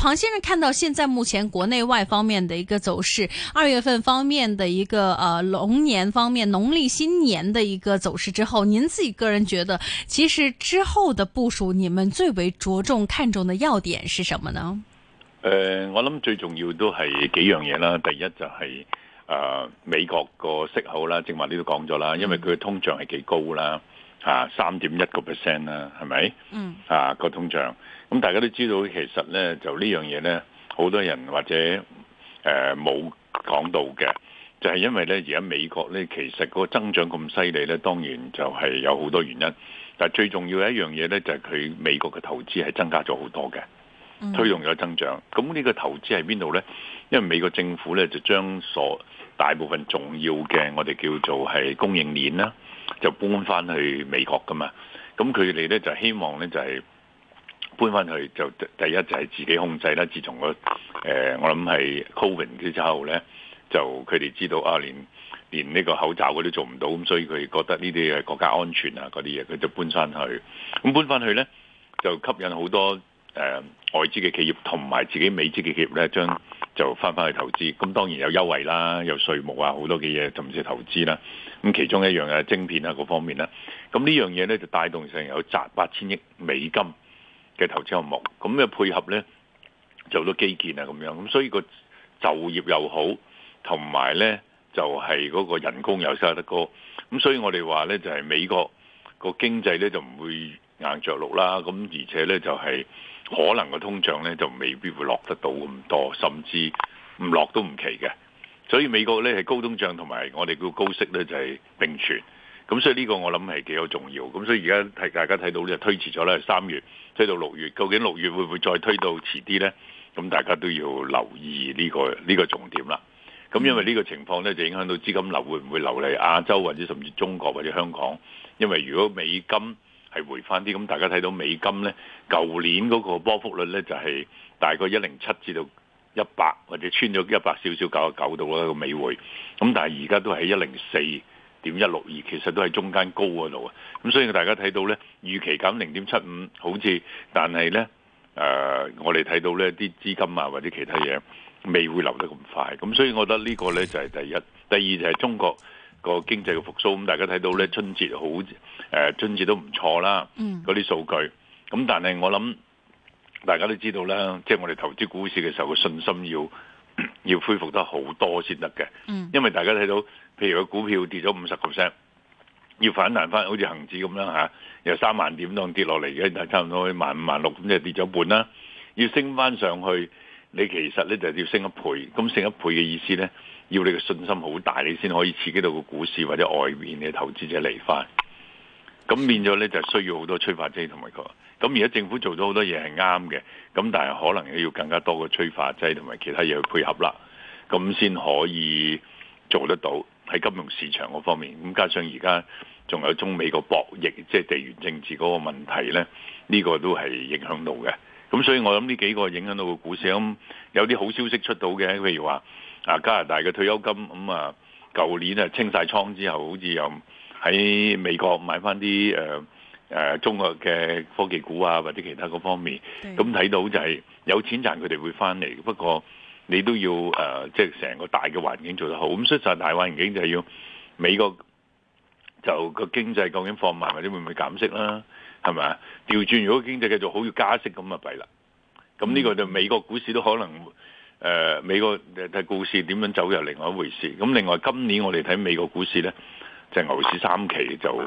龐先生，看到現在目前國內外方面的一個走勢，二月份方面的一個，呃，龍年方面農曆新年的一個走勢之後，您自己個人覺得，其實之後的部署，你們最為着重看重的要點是什麼呢？誒、呃，我諗最重要都係幾樣嘢啦，第一就係、是、誒、呃、美國個息口啦，正話呢都講咗啦，因為佢嘅通脹係幾高啦，吓三點一個 percent 啦，係咪？嗯、啊，吓個通脹。咁、嗯、大家都知道，其實咧就呢樣嘢咧，好多人或者誒冇講到嘅，就係、是、因為咧而家美國咧其實個增長咁犀利咧，當然就係有好多原因。但最重要一樣嘢咧，就係、是、佢美國嘅投資係增加咗好多嘅，推動咗增長。咁呢、嗯、個投資喺邊度咧？因為美國政府咧就將所大部分重要嘅我哋叫做係供應鏈啦，就搬翻去美國噶嘛。咁佢哋咧就希望咧就係、是。搬翻去就第一就係自己控制啦。自從、呃、我誒我諗係 Covid 之後咧，就佢哋知道啊，連連呢個口罩佢都做唔到，咁所以佢覺得呢啲嘅國家安全啊嗰啲嘢，佢就搬翻去。咁搬翻去咧就吸引好多誒、呃、外資嘅企業同埋自己美資嘅企業咧，將就翻翻去投資。咁當然有優惠啦，有稅務啊好多嘅嘢，就唔使投資啦。咁其中一樣嘅晶片呀、啊、嗰方面啦。咁呢樣嘢咧就帶動成有賺八千億美金嘅投資項目，咁嘅配合呢，做咗基建啊，咁樣，咁所以個就業又好，同埋呢就係、是、嗰個人工又收得高，咁所以我哋話呢，就係、是、美國個經濟呢，就唔會硬着陸啦，咁而且呢，就係、是、可能個通脹呢，就未必會落得到咁多，甚至唔落都唔奇嘅，所以美國呢，係高通脹同埋我哋叫高息呢，就係、是、並存。咁所以呢個我諗係幾有重要，咁所以而家大家睇到呢就推遲咗咧三月，推到六月，究竟六月會唔會再推到遲啲呢？咁大家都要留意呢個呢個重點啦。咁因為呢個情況呢，就影響到資金流會唔會流嚟亞洲或者甚至中國或者香港，因為如果美金係回翻啲，咁大家睇到美金呢，舊年嗰個波幅率呢，就係大概一零七至到一百，或者穿咗一百少少九十九度啦個美匯，咁但係而家都係一零四。點一六二其實都喺中間高嗰度啊，咁所以大家睇到呢，預期減零點七五，好似，但係呢，誒、呃，我哋睇到呢啲資金啊或者其他嘢，未會流得咁快，咁所以我覺得呢個呢，就係、是、第一，第二就係中國個經濟嘅復甦，咁大家睇到呢，春節好，誒、呃、春節都唔錯啦，嗰啲數據，咁但係我諗，大家都知道啦，即、就、係、是、我哋投資股市嘅時候，嘅信心要。要恢復得好多先得嘅，嗯、因為大家睇到，譬如個股票跌咗五十個 percent，要反彈翻，好似恒指咁樣，啊、由有三萬點當跌落嚟嘅，就差唔多可以萬五萬六咁，就跌咗半啦。要升翻上去，你其實咧就係要升一倍，咁升一倍嘅意思咧，要你嘅信心好大，你先可以刺激到個股市或者外面嘅投資者嚟翻。咁變咗咧就需要好多催化劑同埋佢。咁而家政府做咗好多嘢係啱嘅，咁但係可能要更加多嘅催化劑同埋其他嘢去配合啦，咁先可以做得到喺金融市場嗰方面。咁加上而家仲有中美個博弈，即係地緣政治嗰個問題咧，呢個都係影響到嘅。咁所以我諗呢幾個影響到個股市，咁有啲好消息出到嘅，譬如話啊加拿大嘅退休金咁啊，舊年啊清晒倉之後，好似又，喺美國買翻啲誒誒中國嘅科技股啊，或者其他嗰方面，咁睇對到就係有錢賺，佢哋會翻嚟。不過你都要誒，即係成個大嘅環境做得好。咁所以大環境就係要美國就個經濟究竟放慢或者會唔會減息啦，係咪啊？調轉如果經濟繼續好要加息咁啊弊啦。咁呢個就美國股市都可能誒、呃、美國嘅股市點樣走入另外一回事。咁另外今年我哋睇美國股市咧。即係牛市三期就，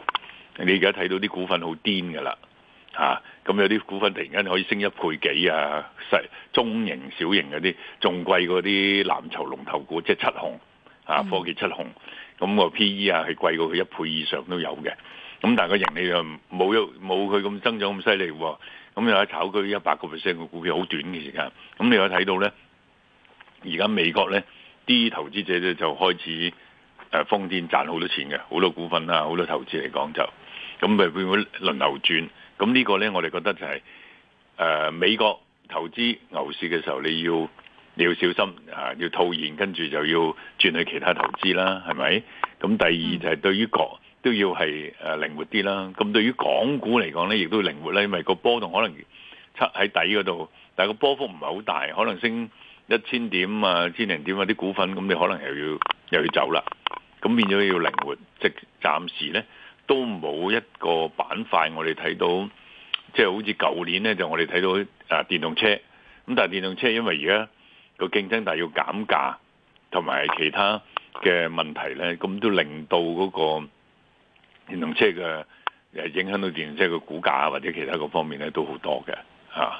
你而家睇到啲股份好癲㗎啦嚇，咁、啊、有啲股份突然間可以升一倍幾啊，細中型、小型嗰啲，仲貴嗰啲藍籌龍頭股，即係七紅嚇，科技七紅，咁、啊嗯、個 P E 啊係貴過佢一倍以上都有嘅，咁但係個盈利又冇冇佢咁增長咁犀利喎，咁又喺炒佢一百個 percent 嘅股票，好短嘅時間，咁你有睇到咧，而家美國咧啲投資者咧就開始。風電、啊、賺好多錢嘅，好多股份啦、啊，好多投資嚟講就咁咪會唔會輪流轉。咁呢個呢，我哋覺得就係、是呃、美國投資牛市嘅時候，你要你要小心啊，要套現，跟住就要轉去其他投資啦，係咪？咁第二就係對於國都要係誒、呃、靈活啲啦。咁對於港股嚟講呢，亦都靈活啦，因為個波動可能出喺底嗰度，但係個波幅唔係好大，可能升一千點啊、千零點啊啲股份，咁你可能又要又要走啦。咁變咗要靈活，即暫時呢都冇一個板塊我哋睇到，即係好似舊年呢，就我哋睇到，啊，電動車，咁但係電動車因為而家個競爭大，要減價同埋其他嘅問題呢，咁都令到嗰個電動車嘅影響到電動車嘅股價或者其他各方面呢都好多嘅吓。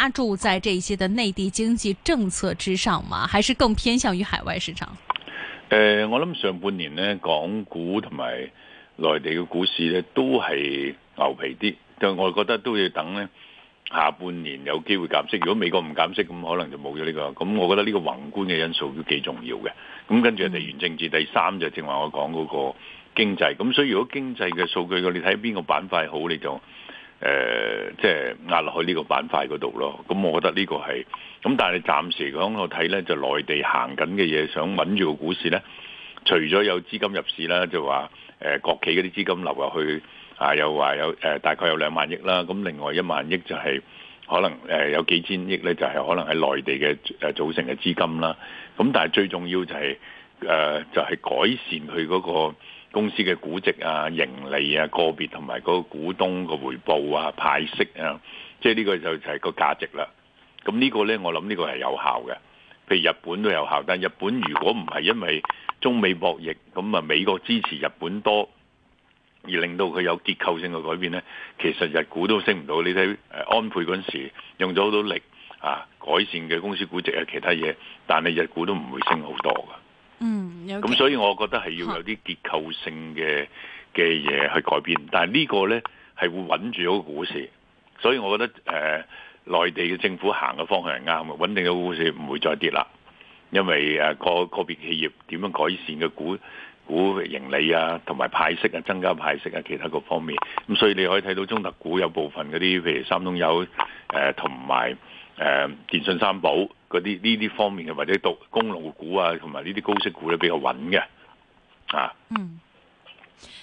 加注在這些的內地經濟政策之上嗎？還是更偏向於海外市場？誒、呃，我諗上半年呢，港股同埋內地嘅股市呢，都係牛皮啲，但我覺得都要等呢下半年有機會減息。如果美國唔減息，咁可能就冇咗呢個。咁、嗯嗯、我覺得呢個宏觀嘅因素都幾重要嘅。咁跟住地緣政治，第三就正話我講嗰個經濟。咁所以如果經濟嘅數據，你睇邊個板塊好，你就。呃，即、就、係、是、壓落去呢個板塊嗰度咯。咁我覺得呢個係，咁但係暫時嚟講，我睇呢，就內地行緊嘅嘢，想穩住個股市呢，除咗有資金入市啦，就話誒、呃、國企嗰啲資金流入去，啊又話有誒、呃、大概有兩萬億啦，咁另外一萬億就係、是、可能誒、呃、有幾千億呢，就係、是、可能喺內地嘅誒組成嘅資金啦。咁但係最重要就係、是、誒、呃，就係、是、改善佢嗰、那個。公司嘅估值啊、盈利啊、個別同埋嗰個股東嘅回報啊、派息啊，即係呢個就就係個價值啦。咁呢個咧，我諗呢個係有效嘅。譬如日本都有效，但日本如果唔係因為中美博弈，咁啊美國支持日本多，而令到佢有結構性嘅改變咧，其實日股都升唔到。你睇安倍嗰陣時用咗好多力啊，改善嘅公司估值啊，其他嘢，但係日股都唔會升好多㗎。嗯，咁所以我覺得係要有啲結構性嘅嘅嘢，去改變。但係呢個咧係會穩住嗰個股市，所以我覺得誒、呃、內地嘅政府行嘅方向係啱嘅，穩定嘅股市唔會再跌啦。因為誒、呃、個個別企業點樣改善嘅股股盈利啊，同埋派息啊，增加派息啊，其他各方面，咁所以你可以睇到中特股有部分嗰啲，譬如三桶油誒同埋誒電信三寶。嗰啲呢啲方面嘅，或者到公牛股啊，同埋呢啲高息股咧比較穩嘅，啊。嗯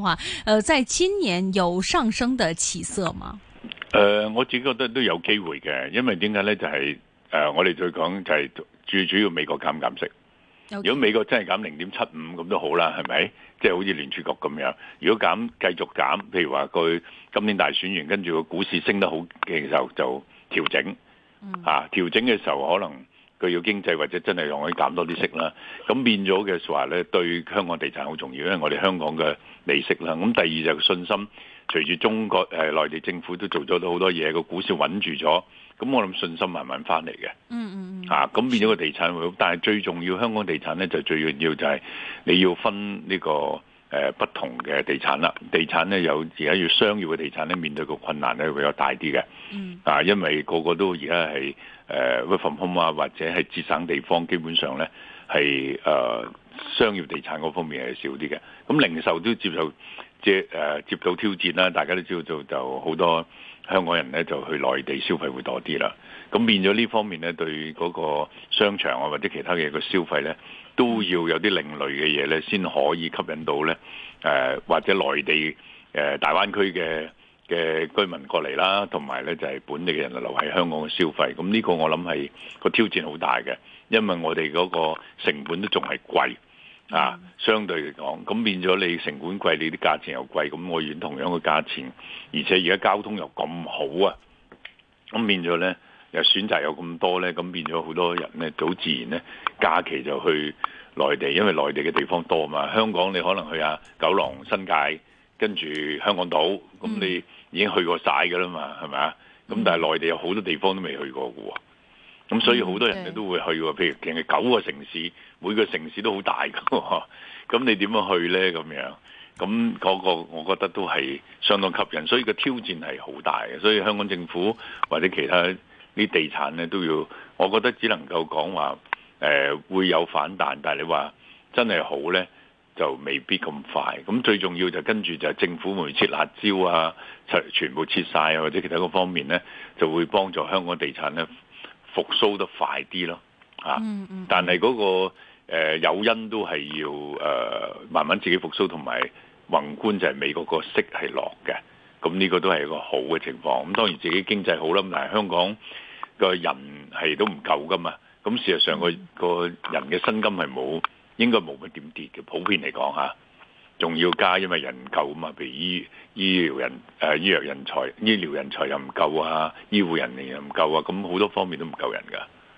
話，誒、呃，在今年有上升的起色嗎？誒、呃，我自己覺得都有機會嘅，因為點解咧就係、是、誒、呃，我哋再講就係、是、最主要美國減減息。如果美國真係減零點七五咁都好啦，係咪？即、就、係、是、好似聯儲局咁樣。如果減繼續減，譬如話佢今年大選完，跟住個股市升得好嘅時候就調整，吓、啊、調整嘅時候可能。佢要經濟或者真係容易減多啲息啦，咁變咗嘅話咧，對香港地產好重要，因為我哋香港嘅利息啦。咁第二就信心，隨住中國誒內地政府都做咗好多嘢，個股市穩住咗，咁我諗信心慢慢翻嚟嘅。嗯嗯嗯。咁、hmm. 吓、變咗個地產會好，但係最重要香港地產咧就最重要就係、是、你要分呢、這個。誒不同嘅地產啦，地產咧有而家要商業嘅地產咧，面對個困難咧會比較大啲嘅。嗯。Mm. 啊，因為個個都而家係誒 work from home 啊，或者係節省地方，基本上咧係誒商業地產嗰方面係少啲嘅。咁零售都接受即係接、呃、接到挑戰啦，大家都知道就好多香港人咧就去內地消費會多啲啦。咁變咗呢方面咧，對嗰個商場啊或者其他嘅嘢嘅消費咧。都要有啲另類嘅嘢呢，先可以吸引到呢，誒、呃，或者內地誒、呃、大灣區嘅嘅居民過嚟啦，同埋呢，就係、是、本地嘅人留喺香港嘅消費。咁呢個我諗係、那個挑戰好大嘅，因為我哋嗰個成本都仲係貴啊，相對嚟講，咁變咗你成本貴，你啲價錢又貴，咁我願同樣嘅價錢，而且而家交通又咁好啊，咁變咗呢。又選擇有咁多呢，咁變咗好多人呢，就好自然呢，假期就去內地，因為內地嘅地方多嘛。香港你可能去下九龍、新界，跟住香港島，咁你已經去過曬㗎啦嘛，係咪啊？咁但係內地有好多地方都未去過嘅喎，咁所以好多人呢都會去喎。Mm. 譬如淨係九個城市，每個城市都好大㗎喎，咁 你點樣去呢？咁樣？咁、那、嗰個我覺得都係相當吸引，所以個挑戰係好大嘅。所以香港政府或者其他。啲地產咧都要，我覺得只能夠講話誒會有反彈，但係你話真係好咧就未必咁快。咁最重要就跟住就係政府會切辣椒啊，全全部切晒啊，或者其他嗰方面咧就會幫助香港地產咧復甦得快啲咯。嚇！但係嗰個誒誘因都係要誒、呃、慢慢自己復甦，同埋宏觀就係美國個息係落嘅。咁呢個都係一個好嘅情況。咁當然自己經濟好啦，但係香港。個人係都唔夠噶嘛，咁事實上個個人嘅薪金係冇應該冇乜點跌嘅，普遍嚟講吓仲要加，因為人唔夠啊嘛，譬如醫醫療人誒、啊、醫藥人才、醫療人才又唔夠啊，醫護人員又唔夠啊，咁好多方面都唔夠人㗎。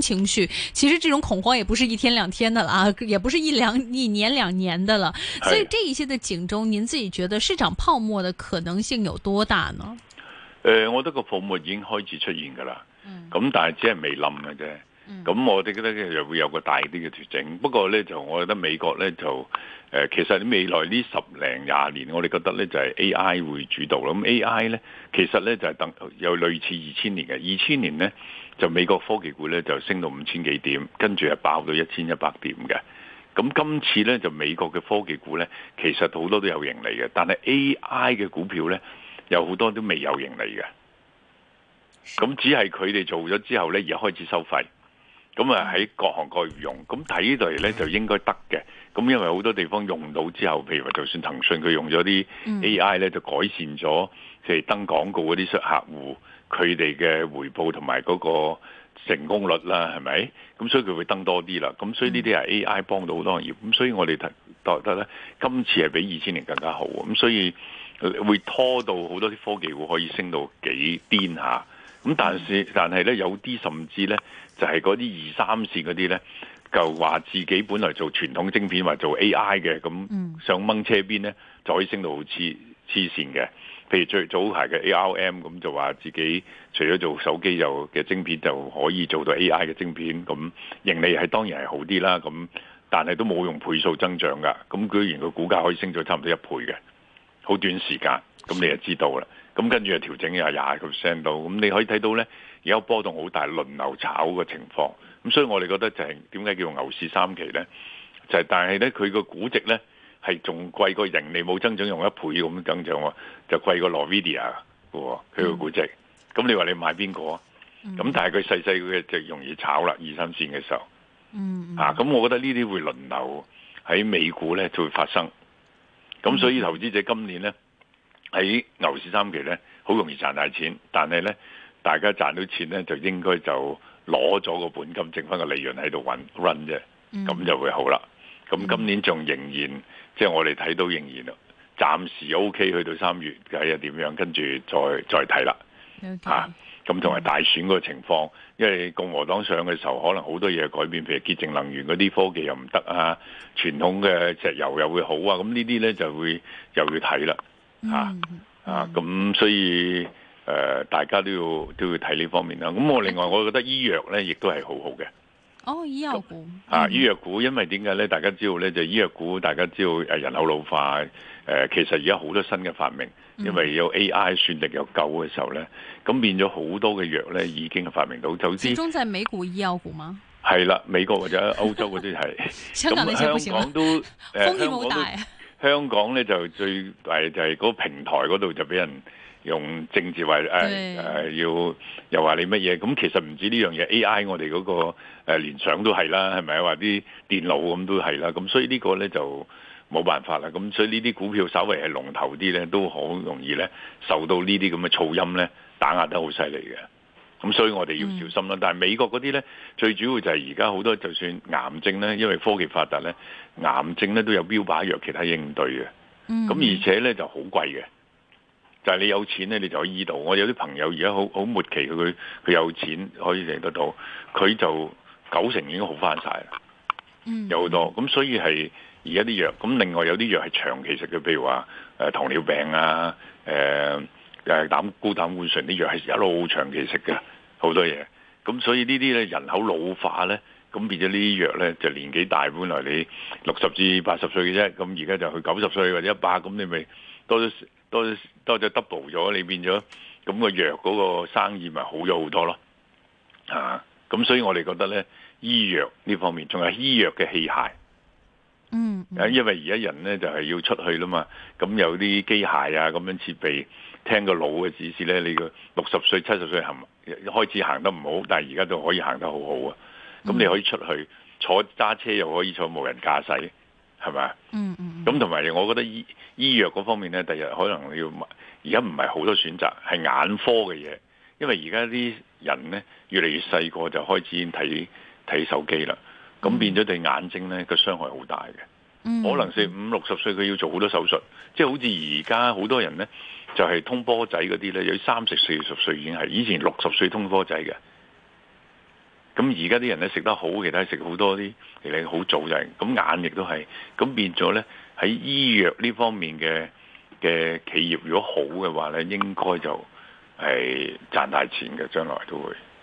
情緒，其實這種恐慌也不是一天兩天的啦，也不是一兩一年兩年的了。所以這一些的警鐘，您自己覺得市場泡沫的可能性有多大呢？呃、我覺得個泡沫已經開始出現噶啦，咁、嗯、但係只係未冧嘅啫。咁、嗯嗯、我哋覺得又會有個大啲嘅調整。不過呢，就我覺得美國呢，就誒、呃，其實未來呢十零廿年，我哋覺得呢就係、是、A I 會主導。咁 A I 呢，其實呢就係、是、等有類似二千年嘅二千年呢。就美國科技股咧就升到五千幾點，跟住又爆到一千一百點嘅。咁今次咧就美國嘅科技股咧，其實好多都有盈利嘅，但係 AI 嘅股票咧，有好多都未有盈利嘅。咁只係佢哋做咗之後咧，而家開始收費。咁啊喺各行各業用，咁睇呢嚟咧，就應該得嘅。咁因為好多地方用到之後，譬如話就算騰訊佢用咗啲 AI 咧，就改善咗即係登廣告嗰啲客戶。佢哋嘅回報同埋嗰個成功率啦，係咪？咁所以佢會登多啲啦。咁所以呢啲係 AI 幫到好多行業。咁所以我哋睇覺得咧，今次係比二千年更加好。咁所以會拖到好多啲科技股可以升到幾癲下。咁但係但係咧，有啲甚至咧，就係嗰啲二三線嗰啲咧，就話自己本來做傳統晶片或者做 AI 嘅，咁上掹車邊咧，就可以升到好黐黐線嘅。譬如最早排嘅 ARM 咁就話自己除咗做手機就嘅晶片就可以做到 AI 嘅晶片，咁盈利係當然係好啲啦，咁但係都冇用倍數增長噶，咁居然個股價可以升咗差唔多一倍嘅，好短時間，咁你就知道啦，咁跟住又調整廿廿個 percent 度，咁你可以睇到呢，而家波動好大，輪流炒嘅情況，咁所以我哋覺得就係點解叫牛市三期呢？就係、是、但係呢，佢個估值呢。係仲貴過盈利冇增長，用一倍咁增長喎，就貴過 NVIDIA 嘅喎，佢個估值。咁、mm. 你話你買邊個啊？咁、mm. 但係佢細細嘅就容易炒啦，二三線嘅時候。嗯。Mm. 啊，咁我覺得呢啲會輪流喺美股咧就會發生。咁所以投資者今年咧喺牛市三期咧好容易賺大錢，但係咧大家賺到錢咧就應該就攞咗個本金，剩翻個利潤喺度 run run 啫，咁就會好啦。咁、mm. 今年仲仍然。即係我哋睇到仍然咯，暫時 OK 去到三月睇下點樣，跟住再再睇啦嚇。咁同埋大選嗰個情況，因為共和黨上嘅時候，可能好多嘢改變，譬如潔淨能源嗰啲科技又唔得啊，傳統嘅石油又會好啊。咁呢啲咧就會又要睇啦嚇啊。咁、mm. 啊、所以誒、呃，大家都要都要睇呢方面啦。咁我另外，我覺得醫藥咧亦都係好好嘅。哦，醫藥股那啊，醫藥股，因為點解咧？大家知道咧，就醫藥股，大家知道誒，人口老化，誒、呃，其實而家好多新嘅發明，因為有 AI 算力，又夠嘅時候咧，咁變咗好多嘅藥咧，已經發明到。總之，始終就係美股醫藥股嘛？係啦的，哦、美國或者歐洲嗰啲係。香港都，風險好 大、啊、香港咧就最大就係嗰個平台嗰度就俾人。用政治話、呃呃、要又話你乜嘢？咁其實唔止呢樣嘢 A.I. 我哋嗰、嗰個誒聯想都係啦，係咪？話啲電腦咁都係啦。咁所以個呢個咧就冇辦法啦。咁所以呢啲股票稍微係龍頭啲咧，都好容易咧受到呢啲咁嘅噪音咧打壓得好犀利嘅。咁所以我哋要小心啦。嗯、但係美國嗰啲咧，最主要就係而家好多就算癌症咧，因為科技發達咧，癌症咧都有標靶藥其他應對嘅。咁而且咧就好貴嘅。就係你有錢咧，你就喺醫到。我有啲朋友而家好好末期，佢佢有錢可以食得到，佢就九成已經好翻晒啦。嗯，有好多，咁所以係而家啲藥，咁另外有啲藥係長期食嘅，譬如話糖尿病啊，誒、呃、誒膽固膽固醇啲藥係一路長期食嘅，好多嘢。咁所以呢啲咧人口老化咧，咁變咗呢啲藥咧就年紀大，本來你六十至八十歲嘅啫，咁而家就去九十歲或者一百，咁你咪多咗。多多咗 double 咗。你變咗咁個藥嗰個生意咪好咗好多咯啊！咁所以我哋覺得呢，醫藥呢方面仲有醫藥嘅器械，嗯，嗯，因為而家人呢就係要出去啦嘛，咁有啲機械啊，咁樣設備聽個腦嘅指示呢，你六十歲七十歲，行開始行得唔好，但係而家都可以行得好好啊！咁你可以出去坐揸車又可以坐無人駕駛。係咪？嗯嗯，咁同埋，hmm. 我覺得醫醫藥嗰方面咧，第日可能要，而家唔係好多選擇，係眼科嘅嘢，因為而家啲人咧越嚟越細個就開始睇睇手機啦，咁變咗對眼睛咧個傷害好大嘅，mm hmm. 可能四、五六十歲佢要做好多手術，即係好似而家好多人咧就係、是、通波仔嗰啲咧，有三十、四十歲已經係，以前六十歲通波仔嘅。咁而家啲人咧食得好，其他食好多啲，其他好早就係、是、咁眼亦都係，咁變咗咧喺醫藥呢方面嘅嘅企業，如果好嘅話咧，應該就係賺大錢嘅，將來都會。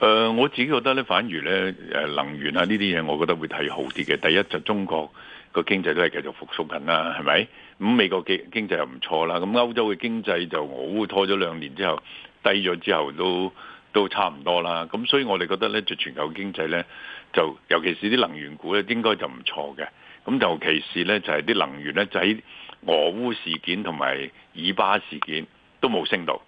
誒、呃，我自己覺得咧，反而咧誒能源啊呢啲嘢，這些東西我覺得會睇好啲嘅。第一就是、中國個經濟都係繼續復甦緊啦，係咪？咁、嗯、美國的經濟不錯、嗯、的經濟又唔錯啦。咁歐洲嘅經濟就俄烏拖咗兩年之後低咗之後都，都都差唔多啦。咁、嗯、所以我哋覺得咧，就全球經濟咧，就尤其是啲能源股咧，應該就唔錯嘅。咁、嗯、就尤其是咧，就係、是、啲能源咧，就喺俄烏事件同埋以巴事件都冇升到。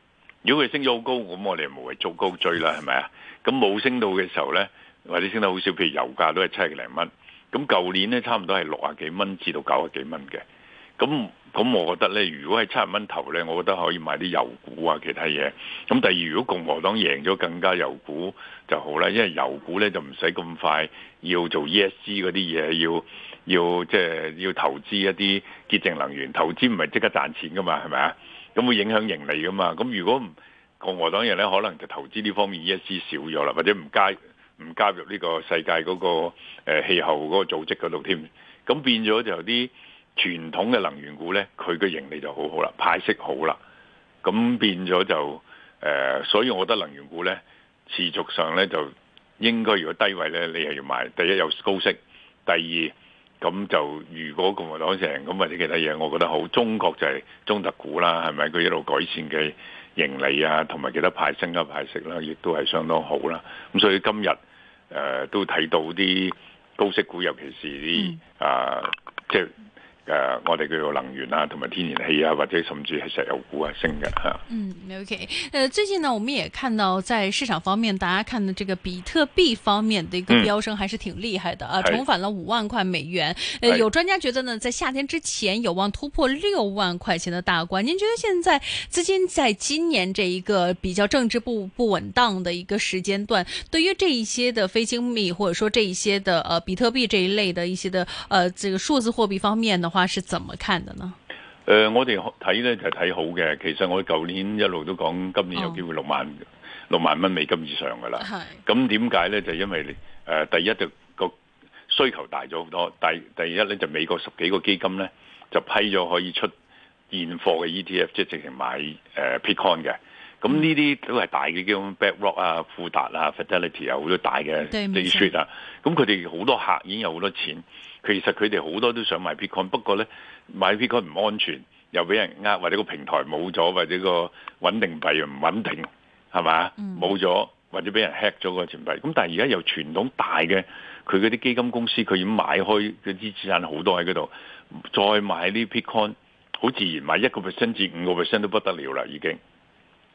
如果佢升咗好高，咁我哋無謂做高追啦，係咪啊？咁冇升到嘅時候呢，或者升得好少，譬如油價都係七十零蚊。咁舊年呢，差唔多係六十幾蚊至到九十幾蚊嘅。咁咁，我覺得呢，如果係七十蚊頭呢，我覺得可以買啲油股啊，其他嘢。咁第二，如果共和黨贏咗，更加油股就好啦，因為油股呢就唔使咁快要做 E S G 嗰啲嘢，要要即係、就是、要投資一啲潔淨能源。投資唔係即刻賺錢噶嘛，係咪啊？咁會影響盈利噶嘛。咁如果唔共和黨人咧，可能就投資呢方面呢一支少咗啦，或者唔加唔加入呢個世界嗰、嗰個誒、呃、氣候嗰個組織嗰度添。咁變咗就啲傳統嘅能源股咧，佢嘅盈利就好好啦，派息好啦。咁變咗就誒，所以我覺得能源股咧持續上咧就應該如果低位咧，你又要買。第一有高息，第二咁就如果共和黨成咁或者其他嘢，我覺得好中國就係中特股啦，係咪佢一路改善嘅？盈利啊，同埋其他派升啊、派息啦，亦都係相當好啦、啊。咁所以今日誒、呃、都睇到啲高息股，尤其是啲、嗯、啊即，就是呃、啊，我哋叫做能源啊，同埋天然氣啊，或者甚至係石油股啊升嘅吓。嗯，OK、呃、最近呢，我們也看到在市場方面，大家看到這個比特幣方面的一個飆升，還是挺厲害的、嗯、啊，重返了五萬塊美元。是呃，是有專家覺得呢，在夏天之前有望突破六萬塊錢的大關。您覺得現在資金在今年這一個比較政治不不穩當的一個時間段，對於這一些的非精密，或者說這一些的呃比特幣這一類的一些的呃這個數字貨幣方面的話？係點樣睇咧？咁啊、呃，我哋睇咧就係、是、睇好嘅。其實我舊年一路都講，今年有機會萬、哦、六萬六萬蚊美金以上噶啦。咁點解咧？就因為誒、呃，第一就個、是呃、需求大咗好多。第第一咧就美國十幾個基金咧就批咗可以出現貨嘅 ETF，即係直情買誒、呃、Bitcoin 嘅。咁呢啲都係大嘅基金、嗯、，BlackRock 啊、富達啊、Fidelity 啊，好多大嘅。對唔住啊！咁佢哋好多客人已經有好多錢。其實佢哋好多都想買 Bitcoin 不過咧買 Bitcoin 唔安全，又俾人呃，或者個平台冇咗，或者個穩定幣又唔穩定，係嘛？冇咗或者俾人 hack 咗個錢幣。咁但係而家由傳統大嘅佢嗰啲基金公司，佢已經買開啲資產好多喺嗰度，再買啲 Bitcoin 好自然買一個 percent 至五個 percent 都不得了啦，已經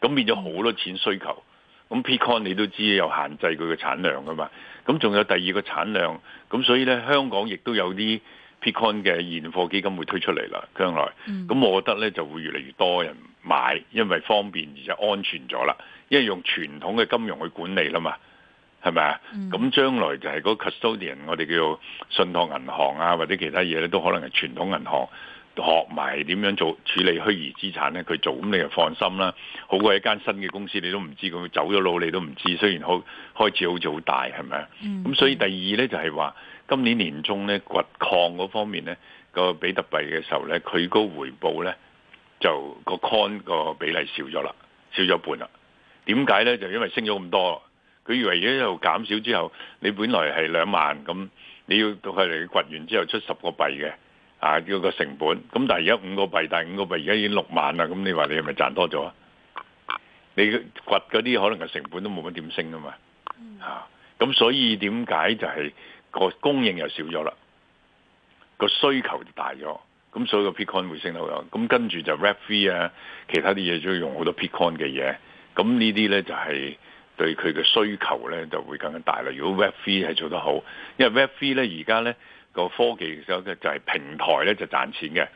咁變咗好多錢需求。咁 Bitcoin 你都知有限制佢嘅產量㗎嘛？咁仲有第二個產量咁，所以咧香港亦都有啲 Bitcoin 嘅現貨基金會推出嚟啦。將來咁，我覺得咧就會越嚟越多人買，因為方便而且安全咗啦，因為用傳統嘅金融去管理啦嘛，係咪啊？咁將來就係嗰 custodian，我哋叫信託銀行啊，或者其他嘢咧都可能係傳統銀行。學埋點樣做處理虛擬資產咧？佢做咁你就放心啦。好過一間新嘅公司，你都唔知佢走咗路，你都唔知。雖然開開始好似好大，係咪啊？咁、mm hmm. 所以第二咧就係、是、話，今年年中咧掘礦嗰方面咧，個比特幣嘅時候咧，佢高回報咧，就個 coin 個比例少咗啦，少咗半啦。點解咧？就因為升咗咁多，佢以為而家又減少之後，你本來係兩萬咁，你要到佢嚟掘完之後出十個幣嘅。啊！嗰、這個成本咁，但係而家五個幣，但係五個幣而家已經六萬啦。咁你話你係咪賺多咗？你掘嗰啲可能嘅成本都冇乜點升㗎嘛。嚇、嗯！咁、啊、所以點解就係、是、個供應又少咗啦，個需求就大咗。咁所以個 Bitcoin 會升得好咁，跟住就 Web3 啊，其他啲嘢都要用好多 Bitcoin 嘅嘢。咁呢啲咧就係、是、對佢嘅需求咧就會更加大啦。如果 Web3 係做得好，因為 Web3 咧而家咧。個科技就係平台咧就賺錢嘅，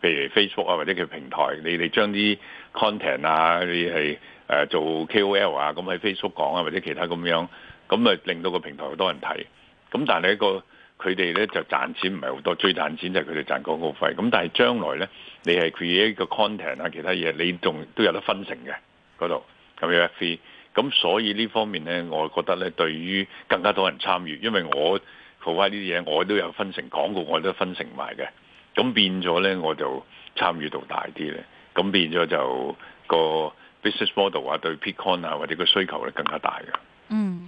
譬如 Facebook 啊或者叫平台，你哋將啲 content 啊，你係做 KOL 啊，咁喺 Facebook 講啊，或者其他咁樣，咁咪令到個平台好多人睇。咁但係一個佢哋咧就賺錢唔係好多，最賺錢就係佢哋賺廣告費。咁但係將來咧，你係 create 個 content 啊，其他嘢你仲都有得分成嘅嗰度，咁有 fee。咁所以呢方面咧，我覺得咧，對於更加多人參與，因為我。做翻呢啲嘢，我都有分成，廣告我都分成埋嘅，咁變咗咧我就參與度大啲咧，咁變咗就、個 business model 啊，對 bitcoin 啊或者個需求咧更加大嘅。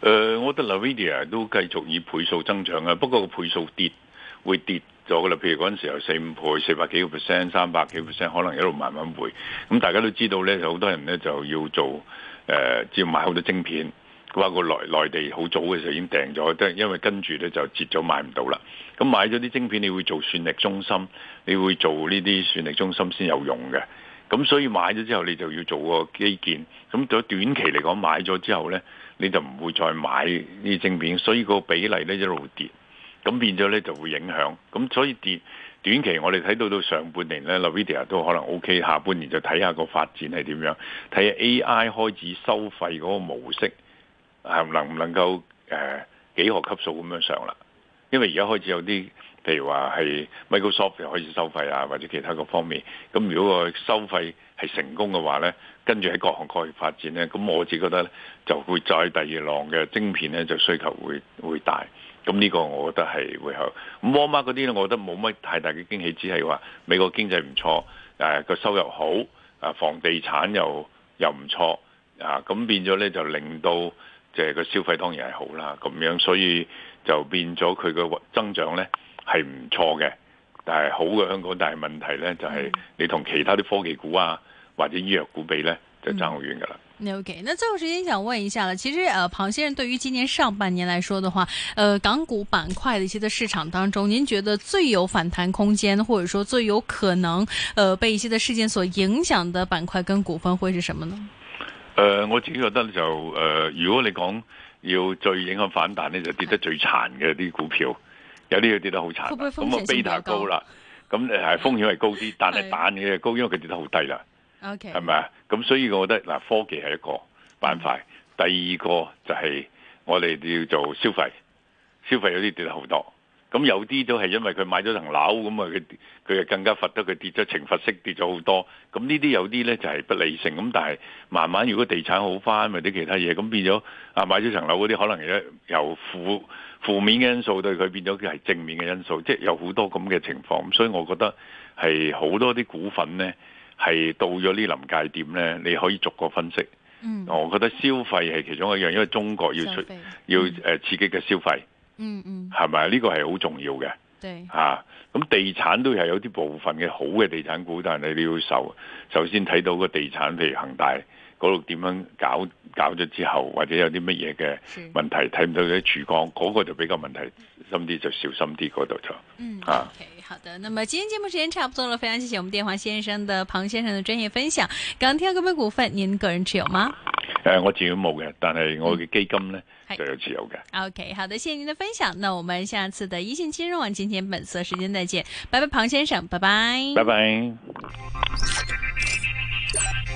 誒、呃，我覺得 Lavida 都繼續以倍數增長啊，不過個倍數跌會跌咗啦。譬如嗰陣時候有四五倍、四百幾個 percent、三百幾個 percent，可能一路慢慢回。咁、嗯、大家都知道咧，好多人咧就要做誒，即、呃、係買好多晶片。包括內內地好早嘅時候已經訂咗，都係因為跟住咧就截咗買唔到啦。咁、嗯、買咗啲晶片，你會做算力中心，你會做呢啲算力中心先有用嘅。咁、嗯、所以買咗之後，你就要做個基建。咁、嗯、在短期嚟講，買咗之後咧。你就唔會再買呢啲晶片，所以個比例咧一路跌，咁變咗咧就會影響，咁所以跌，短期我哋睇到到上半年咧 NVIDIA 都可能 O、OK, K，下半年就睇下個發展係點樣，睇下 A I 開始收費嗰個模式係能唔能夠誒、呃、幾何級數咁樣上啦，因為而家開始有啲。譬如話係 Microsoft 又開始收費啊，或者其他個方面咁。如果個收費係成功嘅話咧，跟住喺各行各業發展咧，咁我自己覺得咧就會再第二浪嘅晶片咧就需求會會大。咁呢個我覺得係會好。咁 Walmart 嗰啲咧，我覺得冇乜太大嘅驚喜，只係話美國經濟唔錯，誒、呃、個收入好，誒、房地產又又唔錯啊。咁變咗咧就令到即係個消費當然係好啦。咁樣所以就變咗佢個增長咧。係唔錯嘅，但係好過香港，但係問題呢，就係你同其他啲科技股啊，或者醫藥股比呢，就爭好遠噶啦。Okay，那最後時間想問一下啦，其實誒龐先生對於今年上半年來說的話，呃、港股板塊的一些市場當中，您覺得最有反彈空間，或者說最有可能、呃、被一些的事件所影響的板塊跟股份會是什麼呢？呃、我自己覺得就、呃、如果你講要最影響反彈呢，就跌得最殘嘅啲股票。有啲嘢跌得好慘，咁啊 beta 高啦，咁誒係風險係高啲，但係彈嘅高，因為佢跌得好低啦。O K 係咪啊？咁所以我覺得嗱，科技係一個板塊，嗯、第二個就係我哋要做消費，消費有啲跌得好多，咁有啲都係因為佢買咗層樓，咁啊佢佢就更加罰得佢跌咗，懲罰式跌咗好多。咁呢啲有啲咧就係不理性，咁但係慢慢如果地產好翻，或者其他嘢，咁變咗啊買咗層樓嗰啲可能由由富。負面嘅因素對佢變咗佢係正面嘅因素，即係有好多咁嘅情況，所以我覺得係好多啲股份呢，係到咗呢臨界點呢，你可以逐個分析。嗯，我覺得消費係其中一樣，因為中國要出要誒刺激嘅消費。嗯，消費，嗯，係咪？呢個係好重要嘅。對。啊，咁地產都係有啲部分嘅好嘅地產股，但係你要受。首先睇到個地產，譬如恒大。嗰度點樣搞？搞咗之後，或者有啲乜嘢嘅問題睇唔、嗯、到佢啲曙光，嗰、那個就比較問題，深啲，就小心啲嗰度就。嗯。Okay，啊。OK，好的。那麼今天節目時間差不多了，非常謝謝我們電話先生的龐先生的專業分享。港天格貝股份，您個人持有嗎？誒、呃，我自己冇嘅，但係我嘅基金咧、嗯、就有持有嘅。OK，好的，謝謝您的分享。那我們下次的一線金融網今天本次時間再見，拜拜，龐先生，拜拜。拜拜。